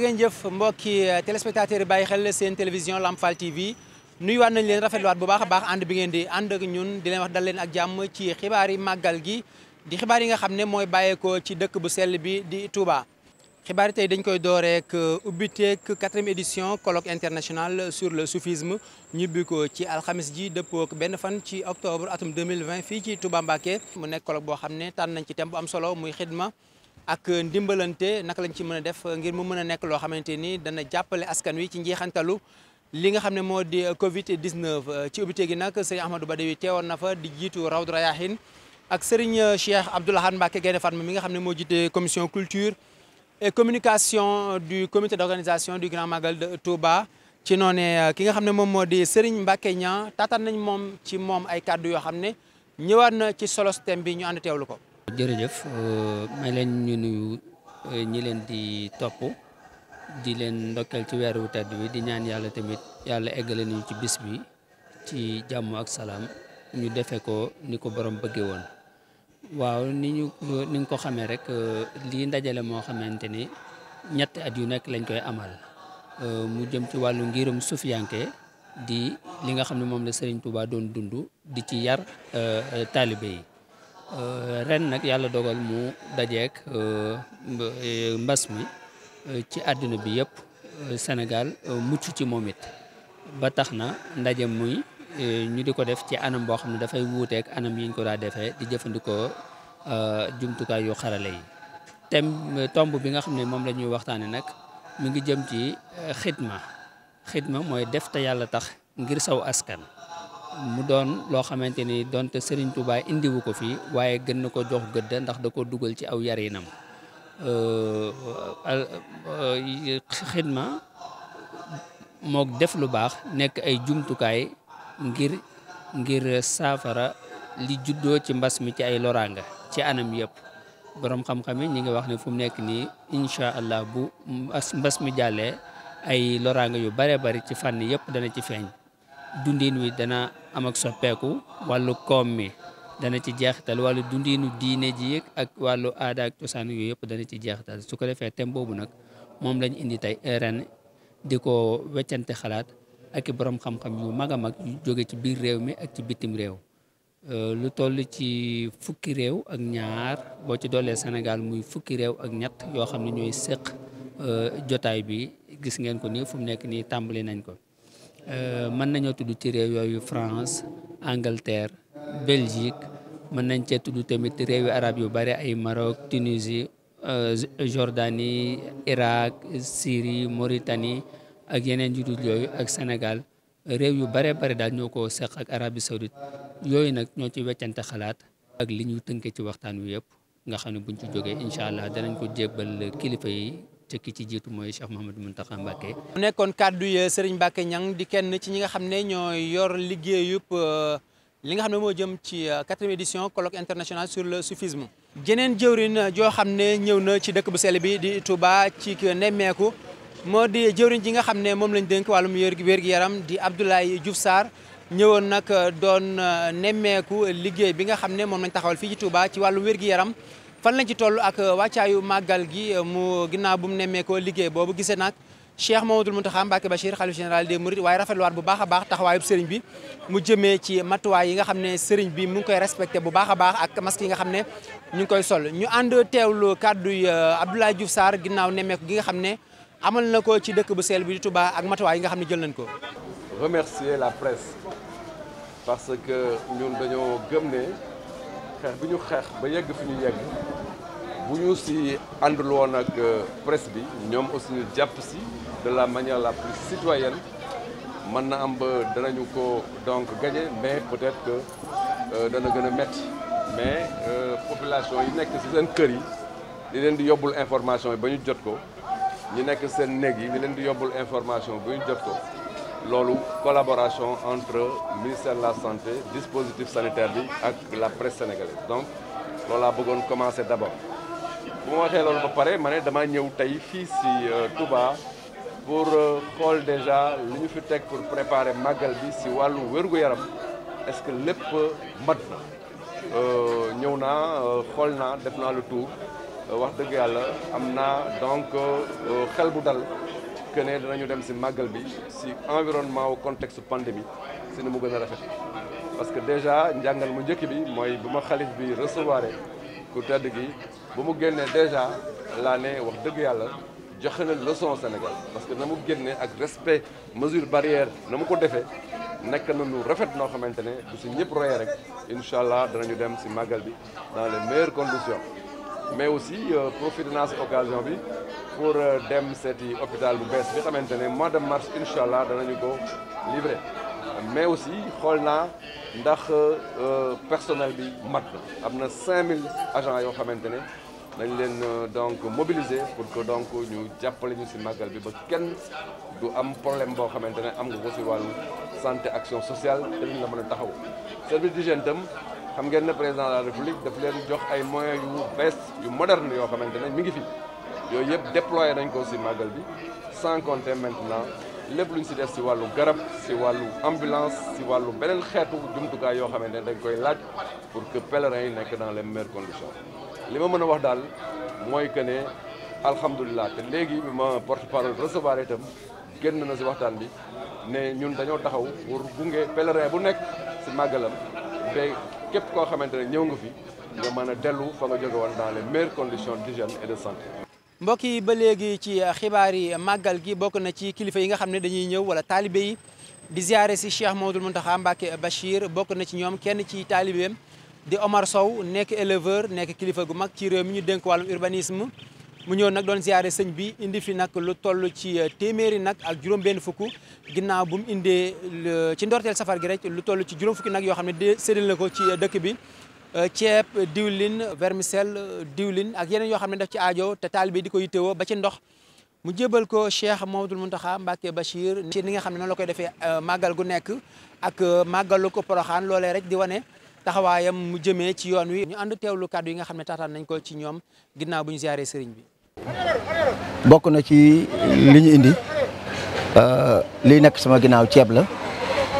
jërë jëf mbokki euh, téléspectateurs yi bàyyi xel seen télévision Lamfal TV nuyuwaat nañ leen rafetluwaat bu baax a baax ànd bi ngeen di ànd ak ñun di leen wax dal leen ak jàmm ci xibaar yi màggal gi di xibaar yi nga xam ne mooy bàyyeekoo ci dëkk bu sell bi di Touba. xibaar tey dañ koy dooreek euh, ubbiteeg quatrième édition colloque international sur le soufisme ñu ubbi ci alxamis ji dëppook benn fan ci octobre atum 2020 fii ci Touba Mbacké mu nekk colloque boo xam ne tànn nañ ci thème bu am solo muy xidma ak ndimbalante naka lañ ci mën a def ngir mu mën a nekk loo xamante ni dana jàppale askan wi ci njeexantalu li nga xam ne moo di Covid 19 ci ubbite gi nag sëriñ Ahmadou Badawi teewoon na fa di jiitu Rawdu Rayaahin ak sëriñ Cheikh Abdoul Ahad Mbacké Gaïndé Fatma mi nga xam ne moo jiite commission culture et communication du comité d'organisation du Grand Magal de Touba. ci noone ki nga xam ne moom moo di sëriñ Mbacké Niang taataan nañ moom ci moom ay kàddu yoo xam ne ñëwaat na ci solos bi ñu teewlu ko. jërëjëf euh, may leen ñu nuyu euh, ñi leen di topp di leen ndokkeel ci weer wu tedd bi di ñaan yàlla tamit yàlla eggale nañu ci bis bi ci jàmm ak salaam ñu defe ko ni ko borom bëggee woon waaw ni ñu ni ko xamee rek euh, lii ndajale moo xamante ni ñetti at yu nekk lañ koy amal mu jëm ci wàllu ngirum sufiyanke di li nga xam ne moom la Serigne Touba doon dund di ci yar taalibe yi Euh, ren nag yàlla dogal mu dajeek euh, mbas mi euh, ci àdduna bi yëpp senegal mucc ci moom it ba tax na ndaje muy ñu di ko def ci anam boo xam ne dafay wuuteek anam yi ñu ko daa defee di jëfandikoo jumtukaay yu xarale yi tem tomb bi nga xam ne moom lañuy ñuy waxtaane nag mu ngi jëm ci xidma xidma mooy def te yàlla tax ngir saw askan mu doon loo xamante ni donte Serigne Touba indiwu ko fii waaye gën na ko jox gëdd ndax da ko dugal ci aw yarinam euh, euh, xidma mook def lu baax nekk ay jumtukaay ngir ngir saafara li juddoo ci mbas mi ci ay loraanga ci anam yëpp boroom xam-xam yi ñu ngi wax ne fu mu nekk nii incha allah bu mbas mi jàllee ay loraanga yu bare bari ci fànn yëpp dana ci feeñ. dundin wi dana am ak soppeeku wàllu koom mi dana ci jeexital wàllu dundinu diine ji yëg ak wàllu aada ak cosaan yu yëpp dana ci jeexital su ko defee thème boobu nag moom lañ indi tey ren di ko weccante xalaat ak i borom xam-xam yu mag a mag yu jóge ci biir réew mi ak ci bitim réew euh, lu toll ci fukki réew ak ñaar boo ci doolee Sénégal muy fukki réew ak ñett yoo xam ne ñooy séq euh, jotaay bi gis ngeen ko nii fu mu nekk nii tàmbali nañ ko Euh, mën nañoo tudd ci réew yooyu France Angleterre Belgique mën nañ cee tudd tamit réewi arab yu bare ay Maroc Tunisie euh, Jordanie Irak Syrie moritani ak yeneen yu dul yooyu ak Sénégal réew yu bare bare daal ñoo ko seq ak Arabie Saoudite yooyu nag ñoo ci weccante xalaat ak li ñu tënkee ci waxtaan wi yëpp nga xam ne buñ ci jógee incha allah danañ ko jébbal kilifa yi ca ci jiitu mooy Cheikh Mouhamadou Mountakha Mbacké. mu nekkoon kàddu yi Serigne Mbacké Niang di kenn ci ñi nga xam ne ñoo yor liggéeyub euh, li nga xam ne moo jëm ci euh, quatrième édition colloque international sur le soufisme. jeneen jëwrin euh, joo xam ne ñëw na ci dëkk bu sell bi di tubaa ci nemmeeku moo di jëwrin ji nga xam ne moom lañ dénk wàllum wér gi yaram di Abdoulaye Diouf Sarr. ñëwoon nag doon nemmeeku liggéey bi nga xam ne moom lañ taxawal fii ci Touba ci wàllu wér-gu-yaram fan lañ ci toll ak euh, wàccaayu màggal gi euh, mu ginnaaw bu mu nemmeekoo liggéey boobu gisee nag Cheikh Mamadou Mountakha Mbacké Bachir xalif général des Mourides waaye rafetluwaat bu baax a baax taxawaayub sëriñ bi mu jëmee ci matuwaay yi nga xam ne sëriñ bi mu ngi koy respecté bu baax a ak masque yi nga xam ne ñu ngi koy sol ñu ànd teewlu kàdduy euh, Abdoulaye Diouf Sarr ginnaaw nemmeeku gi nga xam ne amal na ko ci dëkk bu seel bi di Touba ak matuwaay yi nga xam ne jël nañ ko remercier la presse parce que xeex bi ñu xeex ba yegg fi ñu yegg bu ñu si àndul woon ak euh, presse bi ñoom aussi ñu jàpp si de la manière lapp plus citoyenne mën na am ba danañu ko donc gagné mais peut-être que euh, dana gën a metti mais euh, population yi nekk si seen kër yi di leen di yóbbul information yi ba ñu jot ko ñu nekk seen néeg yi di leen di yóbbul information ba ñu jot ko loolu collaboration entre ministère de la santé dispositif sanitaire bi ak la presse sénégalaise donc loolu laa bëggoon commencer d'abord bu ma waxee ba pare ma ne damaa ñëw tey fii ci euh, Touba pour euh, xool déjà li ñu fi teg pour préparer màggal bi si wàllu wér yaram est-ce que lépp mat na euh, ñëw naa xool naa def naa le tour wax dëgg yàlla am naa donc xel bu dal que dana ñu dem si màggal bi si environnement wu contexte pandémie si ni mu gën a rafet parce que déjà njàngal mu njëkk bi mooy bu ma xalif bi recevoir ku tedd gi bu mu génnee déjà laa ne wax dëgg yàlla joxe na leçon Sénégal parce que na mu génnee ak respect mesure barrière na mu ko defee nekk na lu rafet noo xamante ne bu si ñëpp royee rek incha allah danañu dem si màggal bi dans les meilleures conditions mais aussi euh, profité naa si occasion bi pour euh, dem seeti hôpital bu bees bi xamante ne mois de mars incha allah danañu ko livré mais aussi xool naa ndax euh, personnel bi mat na am na 5000 agents yoo xamante ne dañ leen donc mobiliser pour que donc ñu jàppale ñu si màggal bi ba kenn du am problème boo xamante ne am nga ko si wàllu santé action sociale te ñu la mën a taxaw service d'hygiène tam xam ngeen ne président de la république daf leen jox ay moyens yu bees yu moderne yoo xamante ne mi ngi fi yooyu yëpp déployé nañ ko si màggal bi sans compter maintenant lépp lu ñu si def si wàllu garab si wàllu ambulance si wàllu beneen xeetu jumtukaay yoo xamante ne dañ koy laaj pour que pèlerins yi nekk dans les meilleures li ma mën a wax daal mooy que ne alhamdulilah te léegi ma porte parole recevoir itam génn na si waxtaan bi ne ñun dañoo taxaw pour gunge pèlerin bu nekk si màggalam képp koo xamante ne ñëw nga fi nga mën a dellu fa nga jóge woon dans les meilleures et de santé. mbokk yi ba léegi ci xibaar yi màggal gi bokk na ci kilifa yi nga xam ne dañuy ñëw wala taalibe yi di ziare si Cheikh Maodul Mountakha Mbacké Bachir bokk na ci ñoom kenn ci taalibeem di Omar Sow nekk éleveur nekk kilifa gu mag ci réew mi ñu dénk wàllum urbanisme. mu ñëw nag doon ziare sëñ bi indi fi nag lu toll ci euh, téeméeri nag ak juróom-benn fukk ginnaaw bu mu indee ci ndorteel safar gi rek lu toll ci juróom fukki nag yoo xam ne séddale na ko ci euh, dëkk bi euh, ceeb diwlin vermicelle diwlin ak yeneen yoo xam ne daf ci aajo te taalibe di ko yittewoo ba ci ndox mu jébal ko Cheikh Mamadou Mountakha Mbacké Bachir ci ni nga xam ne noonu la koy defee màggal gu nekk ak màggalu ko xaan loolee rek di wane yam mu jëmee ci yoon wi ñu ànd teewlu kàddu yi nga xam ne taataan nañ ko ci ñoom ginnaaw ñu ziaree sëriñ bi bokk na ci li ñu indi euh, liy nekk sama ginaaw ceeb la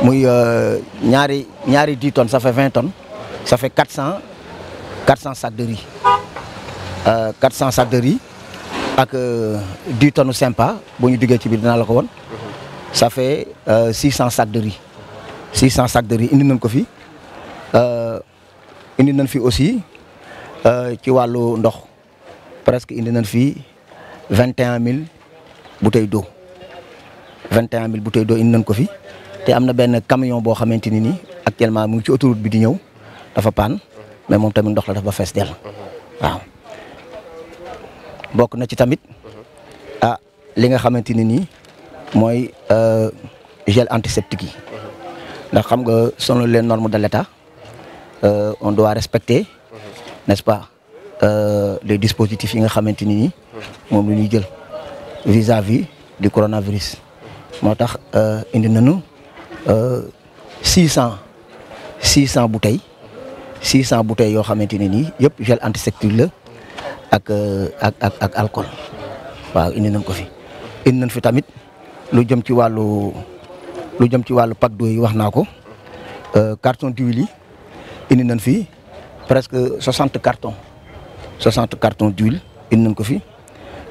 muy euh, ñaari ñaari dix tonnes ça fait vingt tonnes ça fait quatre cent quatre deri sacs de riz euh, quatre cent sacs de ak dix tonnes sympa bu ñu duggee ci biir dinaa la ko woon ça fait six cent sacs de six cent sacs de indi nañ ko fi indi nañ fi aussi ci wàllu ndox. presque indi nañ fi vingt et mille bouteilles d'eau vingt et mille bouteilles doo indi nañ ko fi te am na benn camion boo xamante ni nii actuellement mu ngi ci autoroute bi di ñëw dafa paan mais moom tamit ndox la dafa fees dell waaw bokk na ci tamit mhm. ah li nga xamante ni nii mooy euh, gel antiseptique yi ndax xam nga solo les normes de l'État euh, on doit respecter mhm. n'est-ce pas Euh, les dispositifs yi nga xamante ni nii moom la ñuy jël vis-à-vis du coronavirus moo tax euh, indi nañu euh, six cent six cent bouteilles six cent bouteilles yoo xamante ne nii yëpp gel antiseptique la ak ak ak ak waaw indi nañ ko fi indi nañ fi tamit lu jëm ci wàllu lu jëm ci wàllu pack d'eau yi wax naa ko carton d'huile yi indi nañ fi presque soixante cartons 60 cartons d'huile indi nañ ko fi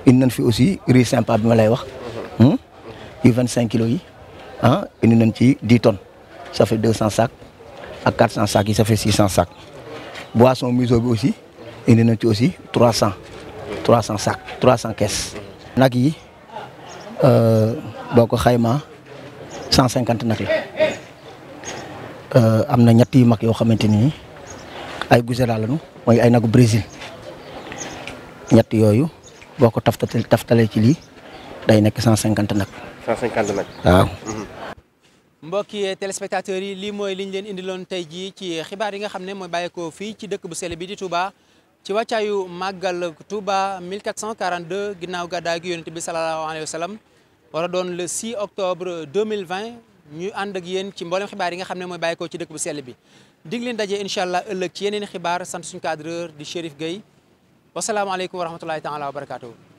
indi nañ fi aussi riz sympa bi ma lay wax hmm? yu cinq kilos yi ah indi nañ ci 10 tonnes ça fait 200 sacs ak 400 sacs yi ça fait 600 sacs boisson miso bi aussi indi nañ ci aussi 300 300 sacs 300 caisses. nag yi euh, boo ko xaymaa 150 nag la euh, am na ñetti yu mag yoo xamante ni ay gusera lañu mooy ay nagu Brésil. ñett yooyu boo ko taftalee taftalee ci lii day nekk cent cinquante nag. cent cinquante nag waaw. Mhm. mbokki téléspectateurs yi lii mooy liñ leen indiloon tey jii ci xibaar yi nga xam ne mooy bàyyeekoo fii ci dëkk bu sell bi di Touba. ci wàccaayu màggal Touba 1442 ginnaaw gàddaay gi yonent bi salallaahu alayhi wa sallam war a doon le 6 octobre 2020 ñu ànd ak yéen ci mboolem xibaar nga xam ne mooy bàyyeekoo ci dëkk bu sell bi dig leen daje incha xibaar sant suñu cadreur di Chérif Gueye. wasalaamaaleykum wa rahmatulahi taala wa barakaatu.